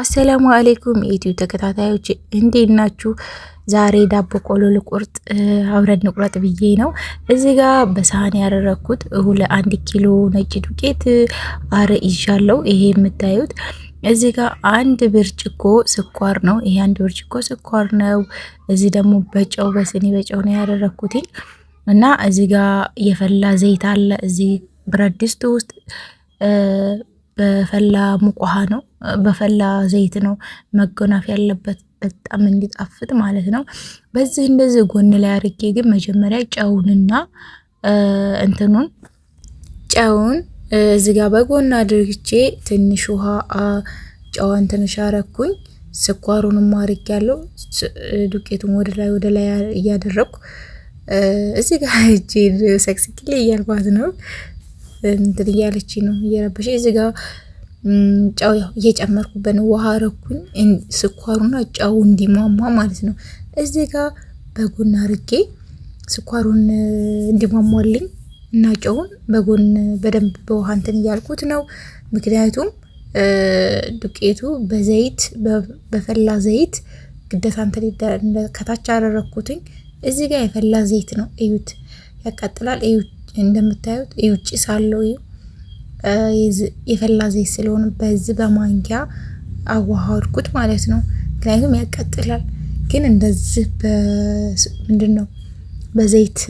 አሰላሙ አሌይኩም የኢትዮ ተከታታዮች እንዴት ናችሁ? ዛሬ ዳቦ ቆሎ ልቁርጥ አብረን ንቁረጥ ብዬ ነው። እዚ ጋ በሳህን ያደረግኩት አንድ ኪሎ ነጭ ዱቄት አረ ይዣለው። ይሄ የምታዩት እዚ ጋ አንድ ብርጭቆ ስኳር ነው። ይሄ አንድ ብርጭቆ ስኳር ነው። እዚ ደግሞ በጨው በስኒ በጨው ነው ያደረግኩትኝ እና እዚ ጋ የፈላ ዘይት አለ። እዚ ብረት ድስት ውስጥ በፈላ ሙቅ ውሃ ነው፣ በፈላ ዘይት ነው መጎናፍ ያለበት በጣም እንዲጣፍጥ ማለት ነው። በዚህ እንደዚህ ጎን ላይ አርጌ ግን መጀመሪያ ጨውንና እንትኑን ጨውን እዚጋ በጎን አድርግቼ ትንሽ ውሃ ጨዋን ትንሽ አረኩኝ። ስኳሩንም አርግ ያለው ዱቄቱን ወደ ላይ ወደ ላይ እያደረግኩ እዚህ ጋር እጅ ሰቅስቅሌ እያልኳት ነው እንትን እያለች ነው እየረበሸ እዚህ ጋ ጨው ያው እየጨመርኩበት ነው። ውሃ ረኩኝ ስኳሩና ጫው እንዲሟሟ ማለት ነው። እዚህ ጋ በጎን አርጌ ስኳሩን እንዲሟሟልኝ እና ጨውን በጎን በደንብ በውሃ እንትን እያልኩት ነው። ምክንያቱም ዱቄቱ በዘይት በፈላ ዘይት ግደታ እንትን ከታች አደረግኩትኝ። እዚህ ጋ የፈላ ዘይት ነው እዩት፣ ያቃጥላል እዩት እንደምታዩት የውጭ ሳለው የፈላ ዘይት ስለሆነ በዚህ በማንኪያ አዋሃድኩት ማለት ነው። ምክንያቱም ያቀጥላል ግን እንደዚህ ምንድን ነው በዘይት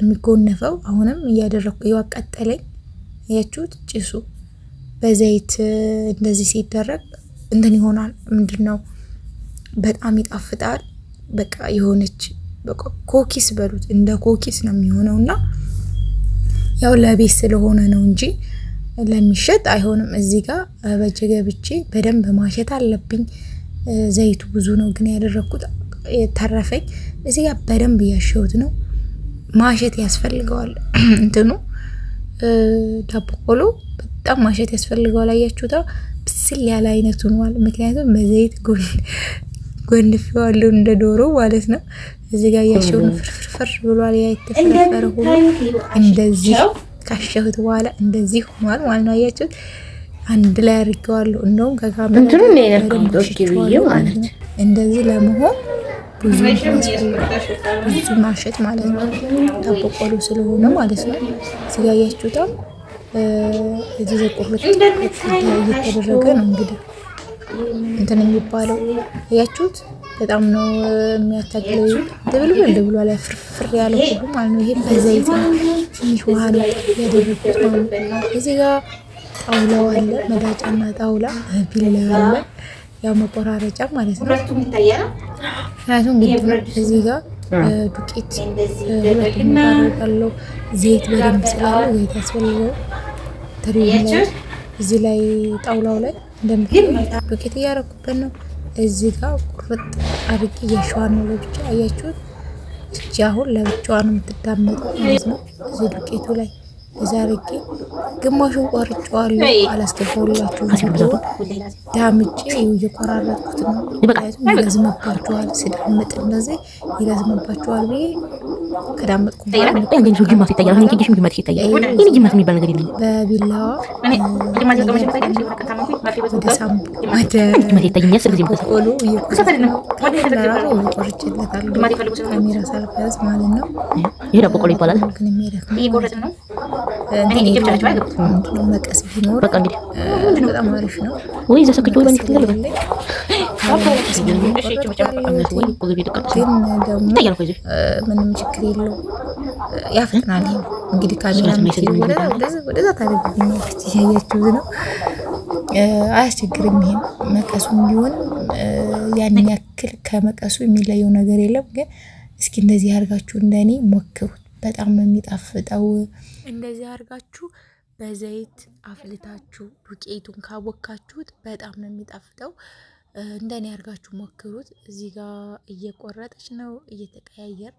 የሚጎነፈው አሁንም እያደረግኩ እያቃጠለኝ ያችሁት ጭሱ በዘይት እንደዚህ ሲደረግ እንትን ይሆናል። ምንድን ነው በጣም ይጣፍጣል። በቃ የሆነች ኮኪስ በሉት እንደ ኮኪስ ነው የሚሆነው እና ያው ለቤት ስለሆነ ነው እንጂ ለሚሸጥ አይሆንም። እዚህ ጋር በጀገ ገብቼ በደንብ ማሸት አለብኝ። ዘይቱ ብዙ ነው ግን ያደረግኩት ተረፈኝ። እዚህ ጋር በደንብ እያሸሁት ነው። ማሸት ያስፈልገዋል። እንትኑ ዳቦ ቆሎ በጣም ማሸት ያስፈልገዋል። አያችሁታ ብስል ያለ አይነት ሆኗል። ምክንያቱም በዘይት ጎንፌዋለሁ እንደ ዶሮ ማለት ነው። እዚህ ጋር ያሸውን ፍርፍርፍር ብሏል። ያ የተፈረፈረ ሁሉ እንደዚህ ካሸሁት በኋላ እንደዚህ ሆኗል ማለት ነው። አያችሁት? አንድ ላይ አድርጌዋለሁ። እንደውም ከካሜራ እንትኑን እንደዚህ ለመሆን ብዙ ብዙ ማሸት ማለት ነው። ታበቆሉ ስለሆነ ማለት ነው። እዚህ ጋር ያችሁታል። እዚህ ዘቆሎት እየተደረገ ነው እንግዲህ እንትን የሚባለው እያችሁት በጣም ነው የሚያታግለው። ድብልብል ብሎ ላይ ፍርፍር ያለው ሁሉ ማለት ነው። ይሄም በዘይት ትንሽ ውሃ ነው ያደረጉት ማለት ነው። እዚህ ጋር ጣውላ አለ፣ መዳጫና ጣውላ ቢላ አለ፣ ያው መቆራረጫ ማለት ነው። ምክንያቱም ግድ ነው እዚህ ጋር ዱቄት ሁለቱም ዘይት በደንብ ስላለ ዘይት ያስፈልገው ትሪ ላይ እዚህ ላይ ጣውላው ላይ እንደምታዩት ዱቄት እያረኩበት ነው። እዚህ ጋር ቁርጥ አድርጌ የሸዋ ነው ለብቻ አያችሁት። እቺ አሁን ለብቻዋ ነው የምትዳመጠው ማለት ነው። እዚህ ዱቄቱ ላይ እዛ አድርጌ ግማሹን ቆርጬዋለሁ። አላስገባሁላችሁም ስለሆን ዳምጬ እየቆራረጥኩት ነው። ምክንያቱም ይረዝምባችኋል፣ ሲዳምጥ እንደዚህ ይረዝምባችኋል ብዬ ከዳመጥኩ ይታያል። ግማት የሚባል ነገር የለም። ይባላል። መቀስ ነው። ምንም ችግር የለው። ያፈጥናል። እንግዲህ ካሜራ ወደዛ ነው። አያስቸግርም። ይሄም መቀሱ ቢሆን ያን ያክል ከመቀሱ የሚለየው ነገር የለም። ግን እስኪ እንደዚህ አድርጋችሁ እንደኔ ሞክሩት። በጣም ነው የሚጣፍጠው። እንደዚህ አድርጋችሁ በዘይት አፍልታችሁ ዱቄቱን ካቦካችሁት በጣም ነው የሚጣፍጠው። እንደኔ አድርጋችሁ ሞክሩት። እዚህ ጋር እየቆረጠች ነው እየተቀያየር፣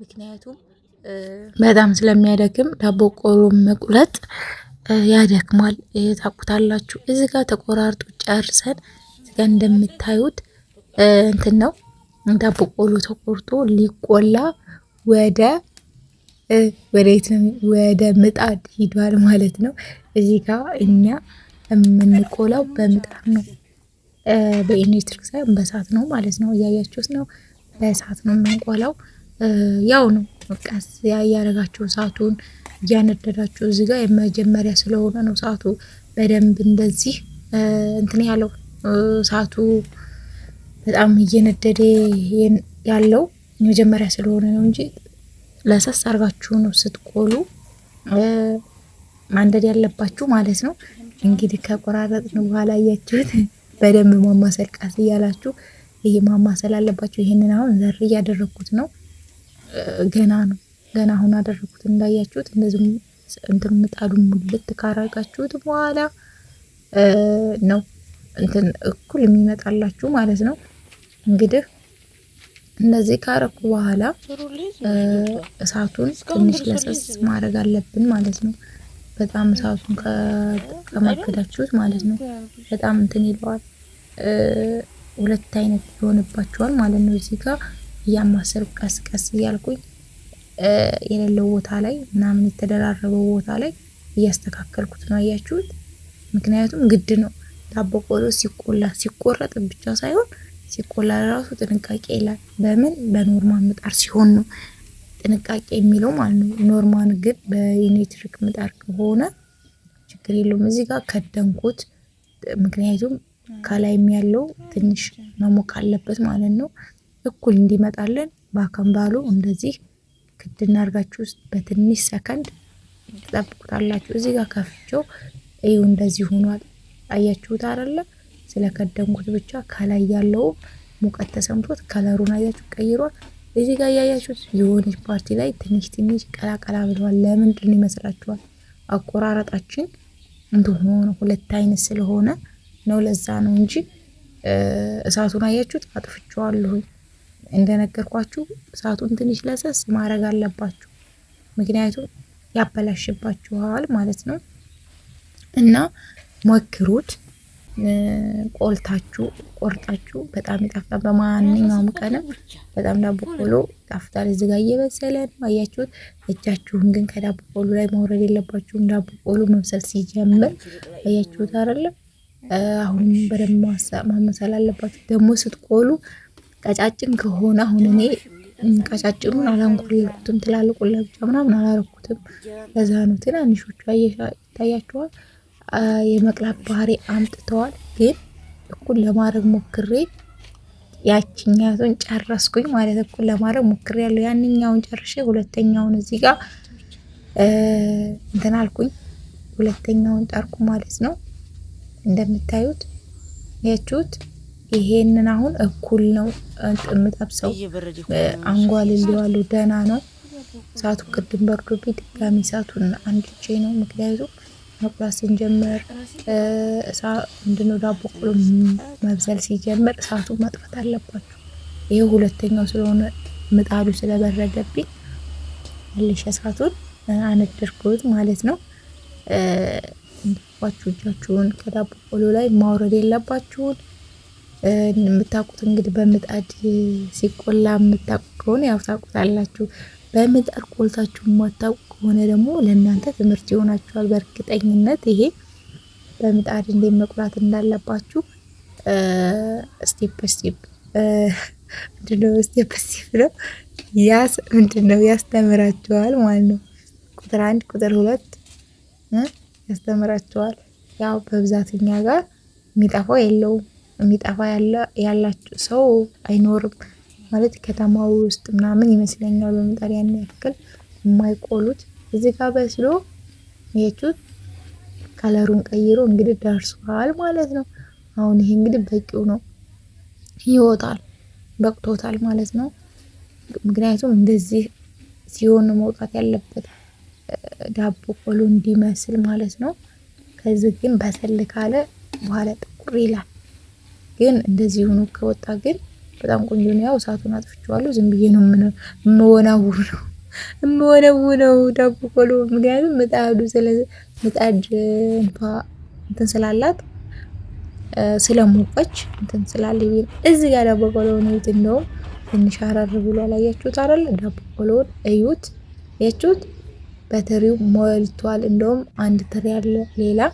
ምክንያቱም በጣም ስለሚያደክም ዳቦ ቆሎ መቁለጥ ያደክማል፣ ታቁታላችሁ። እዚህ ጋር ተቆራርጡ ጨርሰን እዚህ ጋር እንደምታዩት እንትን ነው ዳቦ ቆሎ ተቆርጦ ሊቆላ ወደ ወዴት ወደ ምጣድ ሂዷል ማለት ነው። እዚህ ጋር እኛ የምንቆላው በምጣድ ነው። በኤሌክትሪክ ሳይሆን በእሳት ነው ማለት ነው። እያያችሁት ነው። በእሳት ነው የምንቆላው። ያው ነው ቀስ ያያረጋችሁ እሳቱን እያነደዳችሁ። እዚህ ጋር የመጀመሪያ ስለሆነ ነው እሳቱ በደንብ እንደዚህ እንትን ያለው እሳቱ በጣም እየነደደ ያለው የመጀመሪያ ስለሆነ ነው እንጂ ለሰስ አርጋችሁ ነው ስትቆሉ ማንደድ ያለባችሁ ማለት ነው። እንግዲህ ከቆራረጥን በኋላ እያችሁት በደንብ ማማሰል ቃስ እያላችሁ ይሄ ማማሰል አለባችሁ። ይሄንን አሁን ዘር እያደረግኩት ነው። ገና ነው ገና አሁን አደረግኩት እንዳያችሁት። እንደዚሁም እንትን ምጣዱ ሙልት ካረጋችሁት በኋላ ነው እንትን እኩል የሚመጣላችሁ ማለት ነው። እንግዲህ እንደዚህ ካረኩ በኋላ እሳቱን ትንሽ ለሰስ ማድረግ አለብን ማለት ነው። በጣም እሳቱን ከመክዳችሁት ማለት ነው በጣም እንትን ይለዋል። ሁለት አይነት ይሆንባቸዋል ማለት ነው። እዚህ ጋር እያማሰርኩ ቀስ ቀስ እያልኩኝ የሌለው ቦታ ላይ ምናምን የተደራረበው ቦታ ላይ እያስተካከልኩት ነው። አያችሁት? ምክንያቱም ግድ ነው ዳቦ ቆሎ ሲቆላ ሲቆረጥ ብቻ ሳይሆን ሲቆላ ራሱ ጥንቃቄ ይላል። በምን በኖርማል ምጣድ ሲሆን ነው ጥንቃቄ የሚለው ማለት ነው። ኖርማል ግን በኤሌክትሪክ ምጣድ ከሆነ ችግር የለውም። እዚህ ጋር ከደንኩት ምክንያቱም ከላይም ያለው ትንሽ መሞቅ አለበት ማለት ነው። እኩል እንዲመጣልን በአከምባሉ እንደዚህ ክድ እናርጋችሁ ውስጥ በትንሽ ሰከንድ ትጠብቁታላችሁ። እዚህ ጋር ከፍቼው እዩ፣ እንደዚህ ሆኗል። አያችሁት አይደለ? ስለከደንኩት ብቻ ከላይ ያለው ሙቀት ተሰምቶት ከለሩን አያችሁ ቀይሯል። እዚህ ጋር እያያችሁት የሆነች ፓርቲ ላይ ትንሽ ትንሽ ቀላቀላ ብለዋል። ለምንድን ይመስላችኋል? አቆራረጣችን እንደሆነ ሁለት አይነት ስለሆነ ነው። ለዛ ነው እንጂ እሳቱን አያችሁት፣ አጥፍቼዋለሁ። እንደነገርኳችሁ እሳቱን ትንሽ ለሰስ ማድረግ አለባችሁ፣ ምክንያቱም ያበላሽባችኋል ማለት ነው። እና ሞክሩት፣ ቆልታችሁ ቆርጣችሁ፣ በጣም ይጣፍጣል። በማንኛውም ቀንም በጣም ዳቦ ቆሎ ይጣፍጣል። እዚህ ጋር እየበሰለ ነው አያችሁት። እጃችሁን ግን ከዳቦ ቆሎ ላይ መውረድ የለባችሁም። ዳቦ ቆሎ መብሰል ሲጀምር አያችሁት አይደለም አሁንም በደንብ ማመሰል አለባችሁ። ደግሞ ስትቆሉ ቀጫጭን ከሆነ አሁን እኔ ቀጫጭኑን አላንቆለልኩትም፣ ትላልቁ ለብቻ ምናምን አላረኩትም። ለዛ ነው ትናንሾቹ ይታያቸዋል፣ የመቅላት ባህሪ አምጥተዋል። ግን እኩል ለማድረግ ሞክሬ ያችኛቱን ጨረስኩኝ ማለት እኩል ለማድረግ ሞክሬ ያለው ያንኛውን ጨርሼ ሁለተኛውን እዚህ ጋር እንትን አልኩኝ። ሁለተኛውን ጠርኩ ማለት ነው። እንደምታዩት ያችሁት ይሄንን አሁን እኩል ነው የምጠብሰው። አንጓልሌዋለሁ። ደህና ነው እሳቱ። ቅድም በርዶብኝ ድጋሚ እሳቱን አንድቼ ነው ምክንያቱም መቁላት ስንጀምር ምንድነው ዳቦ ቆሎ መብሰል ሲጀምር እሳቱ መጥፋት አለባችሁ። ይሄ ሁለተኛው ስለሆነ ምጣዱ ስለበረደብኝ ልሽ እሳቱን አነደርኩት ማለት ነው። እንደባችሁ እጃችሁን ከዳቦ ቆሎ ላይ ማውረድ የለባችሁን። የምታውቁት እንግዲህ በምጣድ ሲቆላ የምታውቁ ከሆነ ያው ታውቁታላችሁ። በምጣድ ቆልታችሁ የማታውቁ ከሆነ ደግሞ ለእናንተ ትምህርት ይሆናችኋል። በእርግጠኝነት ይሄ በምጣድ እንዴት መቁላት እንዳለባችሁ ስቴፕ ስቴፕ ምንድነው ስቴፕ ስቴፕ ነው ያስ ምንድነው ያስተምራችኋል ማለት ነው። ቁጥር አንድ ቁጥር ሁለት ያስተምራቸዋል። ያው በብዛት እኛ ጋር የሚጠፋው የለውም የሚጠፋ ያላቸው ሰው አይኖርም ማለት ከተማው ውስጥ ምናምን ይመስለኛል በምጣድ ያን ያክል የማይቆሉት እዚህ ጋር በስሎ የቹት ከለሩን ቀይሮ እንግዲህ ደርሷል ማለት ነው። አሁን ይሄ እንግዲህ በቂው ነው ይወጣል በቅቶታል ማለት ነው። ምክንያቱም እንደዚህ ሲሆን መውጣት ያለበት ዳቦ ቆሎ እንዲመስል ማለት ነው። ከዚህ ግን በሰል ካለ በኋላ ጥቁር ይላል። ግን እንደዚህ ሆኖ ከወጣ ግን በጣም ቆንጆ ነው። ያው እሳቱን አጥፍቼዋለሁ። ዝም ብዬ ነው የምወናውር ነው የምወነው ነው ዳቦ ቆሎ። ምክንያቱም ምጣዱ ምጣድ እንኳ እንትን ስላላት ስለሞቀች እንትን ስላለ ይል እዚህ ጋር ዳቦ ቆሎ እዩት። እንደውም ትንሽ አረር ብሎ አላያችሁት አይደል? ዳቦ ቆሎ እዩት፣ ያችሁት በትሪው ሞልቷል። እንደውም አንድ ትሪ አለ ሌላ።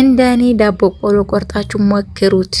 እንደኔ ዳቦ ቆሎ ቆርጣችሁ ሞክሩት።